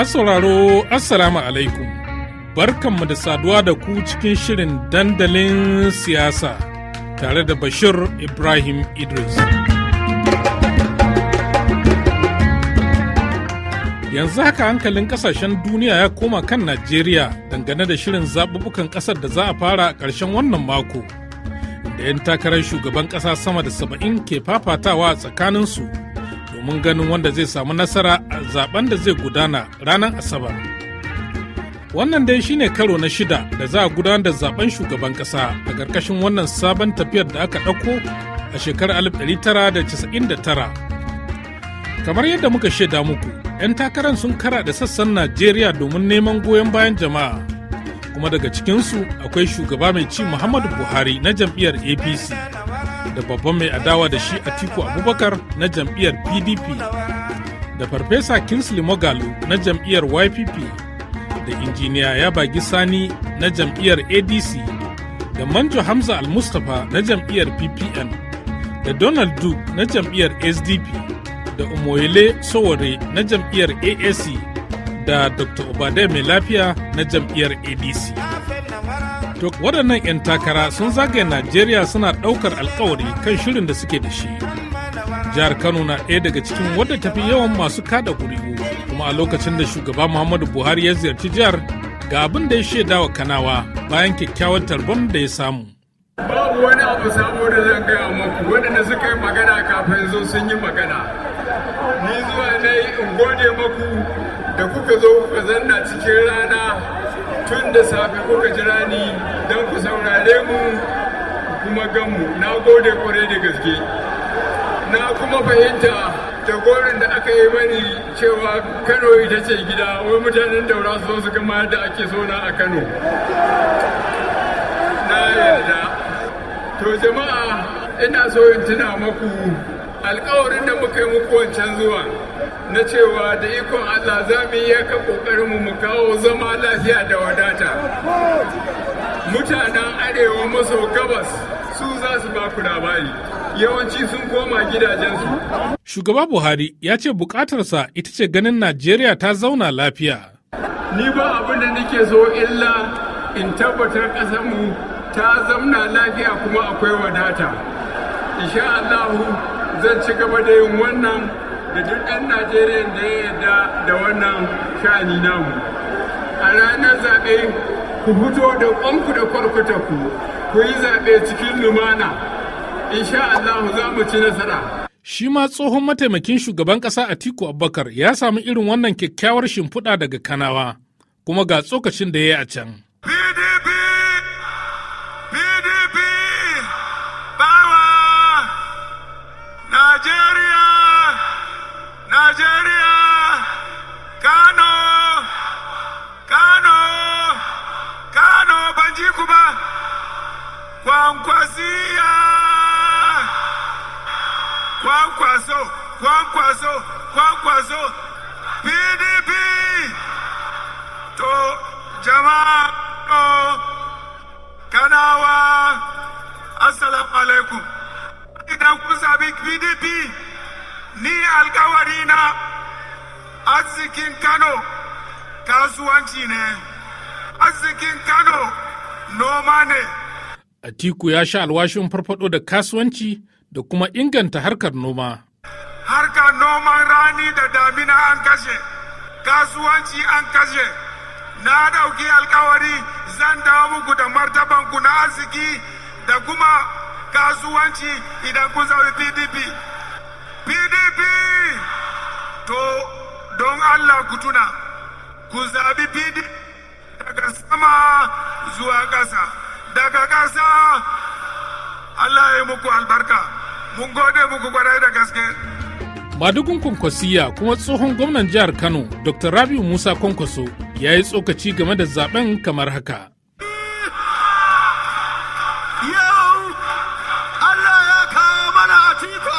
Masu sauraro Assalamu alaikum, barkanmu da saduwa da ku cikin shirin dandalin siyasa tare da Bashir Ibrahim Idris. Yanzu haka hankalin kasashen duniya ya koma kan Najeriya dangane da shirin zaɓuɓɓukan ƙasar da za a fara a ƙarshen wannan mako, da 'yan takarar shugaban ƙasa sama da saba'in ke fafatawa tsakaninsu. domin ganin wanda zai samu nasara a zaben da zai gudana ranar asabar wannan dai shine karo na shida da za a gudanar da zaben shugaban kasa a ƙarƙashin wannan sabon tafiyar da aka ɗauko a shekarar 1999 kamar yadda muka shaida muku 'yan takarar sun kara da sassan najeriya domin neman goyon bayan jama'a kuma daga cikinsu akwai shugaba mai ci muhammadu buhari na jam'iyyar apc da babban mai adawa da shi a Atiku Abubakar na jam'iyyar PDP da Farfesa Kingsley Mogalo na jam'iyyar YPP da injiniya ya bagi Sani na jam'iyyar ADC da Manjo Hamza Al-Mustapha na jam'iyyar PPN da Donald Duke na jam'iyyar SDP da Umoyele Sowore na jam'iyyar AAC da Dr. Obade Mai Lafiya na jam'iyyar ADC. To waɗannan 'yan takara sun zagaya Najeriya suna ɗaukar alkawari kan shirin da suke da shi. Jihar Kano na ɗaya daga cikin wadda tafi yawan masu kada ƙuri'u kuma a lokacin da shugaba Muhammadu Buhari ya ziyarci jihar ga abin da ya shaida wa Kanawa bayan kyakkyawan tarbon da ya samu. Babu wani abu sabo da zan gaya muku waɗanda suka yi magana kafin zo sun yi magana. Ni zuwa ne in gode muku da kuka zo kuka zanna cikin rana tun da safe kuka jira ni don ku saurare mu kuma ganmu na gode kwarai da gaske na kuma fahimta da gorin da aka yi mani cewa kano ita ce gida wai mutanen daura su zo su kama yadda ake sona a kano na yarda to jama'a ina so in tuna maku alkawarin da muka yi muku wancan zuwa na cewa da ikon Allah za mu yi yaka ƙoƙarinmu mu kawo zama lafiya da wadata. Mutanen arewa maso gabas su za su ba ku labari, yawanci sun koma gidajensu. Shugaba Buhari ya ce bukatarsa ita ce ganin Najeriya ta zauna lafiya. Ni ba abin da nake so illa in tabbatar ƙasarmu ta zauna lafiya kuma akwai wadata. Insha Allahu zan ci gaba da yin wannan da duk ɗan najeriya da ya yarda da wannan sha'ani namu a ranar zaɓe ku fito da ƙwanku da kwarkwata ku ku yi zaɓe cikin lumana insha Allah za mu ci nasara shi ma tsohon mataimakin shugaban ƙasa atiku abubakar ya samu irin wannan kyakkyawar shimfiɗa daga kanawa kuma ga tsokacin da ya yi a can Nigeria! Kano! Kano! Kano Banjikuba! Kwankwazia! Kwankwazo! Kwankwazo! Kwankwazo! PDP! To jama'a Kanawa! Assalamu alaikum! Idan kun zabi PDP! ni alkawari na arzikin kano kasuwanci ne arzikin kano noma ne atiku ya sha alwashin farfado da kasuwanci da kuma inganta harkar noma harkar noman rani da damina an kashe kasuwanci an kashe na dauki alkawari zan dawo muku da martabanku na arziki da kuma kasuwanci idan kun zaɓi pdp pdp to don allah ku tuna ku zaɓi pdp daga sama zuwa ƙasa daga ƙasa allah ya muku albarka mun gode muku kwarai da gaske madugun kwankwasiya kuma tsohon gwamnan jihar kano dr rabiu musa kwankwaso ya yi tsokaci game da zaben kamar haka yau allah ya kawo mana a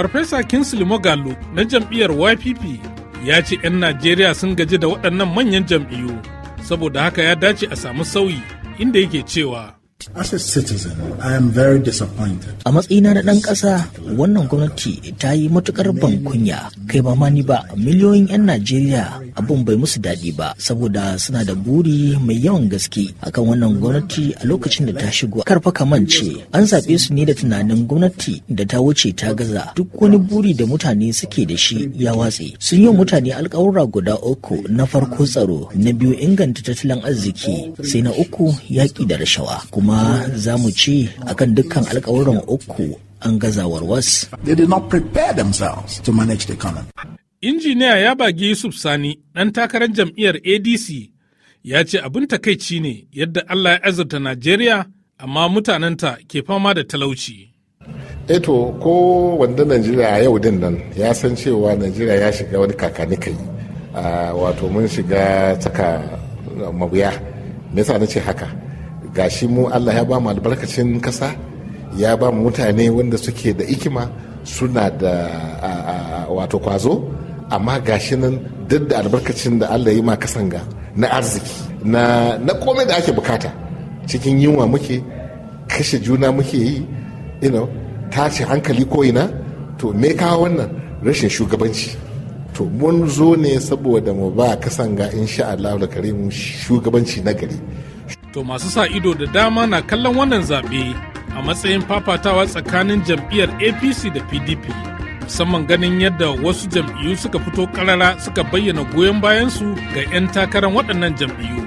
Farfesa Kinsley Mogalo na jam'iyyar YPP ya ce 'yan Najeriya sun gaji da waɗannan manyan jam'iyyu, saboda haka ya dace a samu sauyi inda yake cewa. a matsayina na ɗan ƙasa, wannan gwamnati ta yi matuƙar ban kunya. Kai ba ma ni ba, miliyoyin 'yan Najeriya abin bai musu daɗi ba, saboda suna da buri mai yawan gaske akan wannan gwamnati a lokacin da ta shigo. Karfa kamance, an zaɓe su ne da tunanin gwamnati da ta wuce ta gaza. Duk wani buri da mutane suke da shi ya watse. Sun yi mutane alƙawura guda uku na farko tsaro, na biyu inganta tattalin arziki, sai na uku yaƙi da rashawa. Kuma kuma za mu ci akan dukkan alkawuran uku an gazawar was. Injiniya ya bagi Yusuf Sani ɗan takarar jam'iyyar ADC ya ce abin takaici ne yadda Allah ya azurta Najeriya amma mutanenta ke fama da talauci. Eto eh ko wanda Najeriya yau din nan ya san cewa Najeriya ya shiga wani kakani kai ah, wato mun shiga tsaka mabuya me yasa na ce haka gashi mu allah ya ba mu albarkacin kasa ya ba mu mutane wanda suke da ikima suna da wato kwazo amma gashi nan duk da albarkacin da allah yi ma kasanga na arziki na, na komai da ake bukata cikin yunwa muke kashe juna muke yi you know, tace hankali ko ina to me kawo wannan rashin shugabanci to mun zo ne saboda mu ba kasanga insha Allah da mu shugabanci na gari to masu sa ido da dama na kallon wannan zaɓe a matsayin fafatawa tsakanin jam'iyyar apc da pdp musamman ganin yadda wasu jam'iyyu suka fito karara suka bayyana goyon bayansu ga 'yan takarar waɗannan jam'iyyu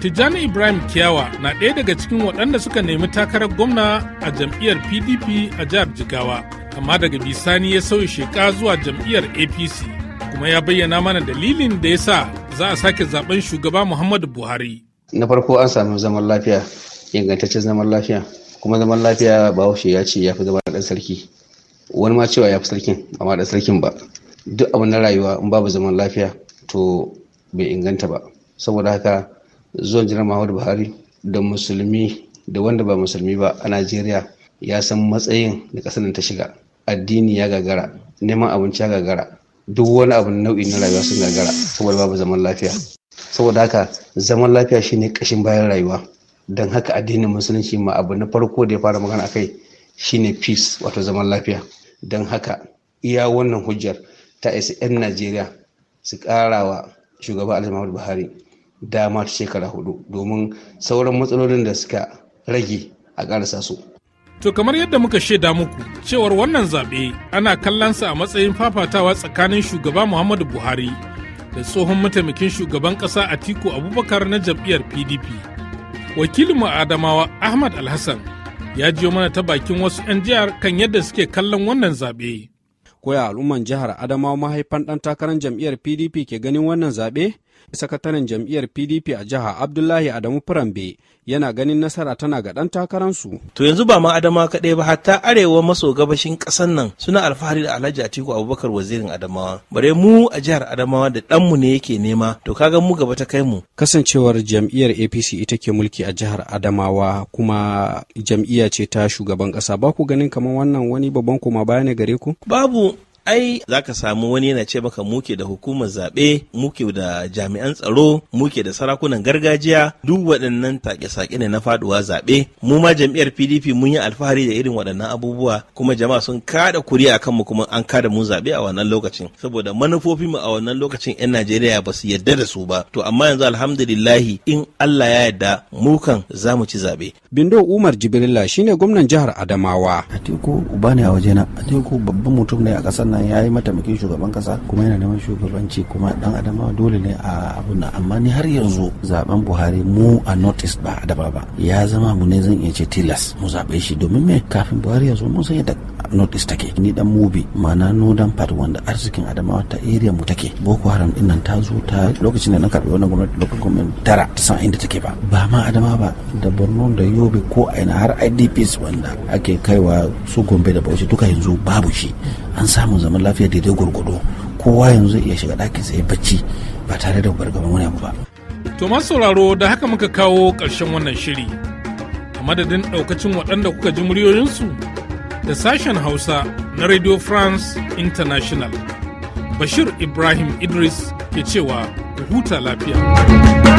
tijjani ibrahim kiyawa na ɗaya daga cikin waɗanda suka nemi takarar gwamna a jam'iyyar pdp a jihar jigawa amma daga bisani ya sauya sheka zuwa jam'iyyar apc kuma ya bayyana mana dalilin da ya sa za a sake zaben shugaba muhammadu buhari na farko an samu zaman lafiya ingantaccen zaman lafiya kuma zaman lafiya bahaushe ya ce ya fi zama ɗan sarki wani ma cewa ya fi sarkin amma ɗan sarkin ba duk abu na rayuwa in babu zaman lafiya to bai inganta ba saboda haka zuwan jiran muhammadu buhari da musulmi da wanda ba musulmi ba a najeriya ya san matsayin da ƙasar ta shiga addini ya gagara neman abinci ya gagara duk wani abu nau'i na rayuwa sun gagara saboda babu zaman lafiya saboda haka zaman lafiya shine kashin bayan rayuwa don haka addinin musulunci ma abu na farko da ya fara magana akai shine peace wato zaman lafiya don haka iya wannan hujjar ta isa 'yan najeriya su karawa shugaba alhaji buhari dama ta shekara hudu domin sauran matsalolin da suka rage a karasa su To kamar yadda muka shaida muku cewar wannan zaɓe ana kallonsa a matsayin fafatawa tsakanin shugaba Muhammadu Buhari da tsohon mataimakin shugaban ƙasa a Atiku Abubakar na jam'iyyar PDP. Wakilinmu Adamawa Ahmad Alhassan ya jiyo mana ta bakin wasu 'yan jihar kan yadda suke kallon wannan zaɓe. Koya al'umman jihar Adamawa mahaifan ɗan takarar jam'iyyar PDP ke ganin wannan zaɓe? sakataren jam'iyyar pdp a jiha abdullahi adamu farambe yana ganin nasara tana ga ɗan takararsu to yanzu ba ma Adamawa kaɗai ba hatta arewa maso gabashin ƙasar nan suna alfahari da alhaji atiku abubakar wazirin adamawa bare mu a jihar adamawa da ɗanmu ne yake nema to ga mu gaba ta kai mu kasancewar jam'iyyar apc ita ke mulki a jihar adamawa kuma jam'iyya ce ta shugaban ƙasa ba ku ganin kamar wannan wani babban koma baya ne gare ku babu ai za ka samu wani yana ce maka muke da hukumar zaɓe muke da jami'an tsaro muke da sarakunan gargajiya duk waɗannan take-sake ne na faɗuwa zaɓe mu ma jam'iyyar pdp mun yi alfahari da irin waɗannan abubuwa kuma jama'a sun kada kuri'a akan mu kuma an kada mu zaɓe a wannan lokacin saboda manufofin mu a wannan lokacin 'yan najeriya ba su yarda da su ba to amma yanzu alhamdulillahi in allah ya yarda mu kan za mu ci zaɓe. bindo umar jibrilla shine gwamnan jihar adamawa atiku uba ne a wajena atiku babban mutum ne a ƙasar nan ya yi mataimakin shugaban kasa kuma yana neman shugabanci kuma dan adama dole ne a na amma ni har yanzu zaben buhari mu a notice ba da ba ya zama mu ne zan iya ce tilas mu zaɓe shi domin me kafin buhari ya zo mun san yadda north east take ni dan mubi ma'ana northern part wanda arzikin adamawa ta area mu take boko haram din nan ta zo ta lokacin da na karbi wannan gwamnati local government tara ta san inda take ba ba ma adama ba da borno da yobe ko aina har idps wanda ake kaiwa su gombe da bauchi duka yanzu babu shi an samu zaman lafiya daidai gurgudo kowa yanzu zai iya shiga ɗakin sai bacci ba tare da bargaban wani abu ba. To masu sauraro da haka muka kawo ƙarshen wannan shiri. A madadin ɗaukacin waɗanda kuka ji muryoyinsu da sashen Hausa na Radio France International. Bashir Ibrahim Idris ke cewa huta lafiya.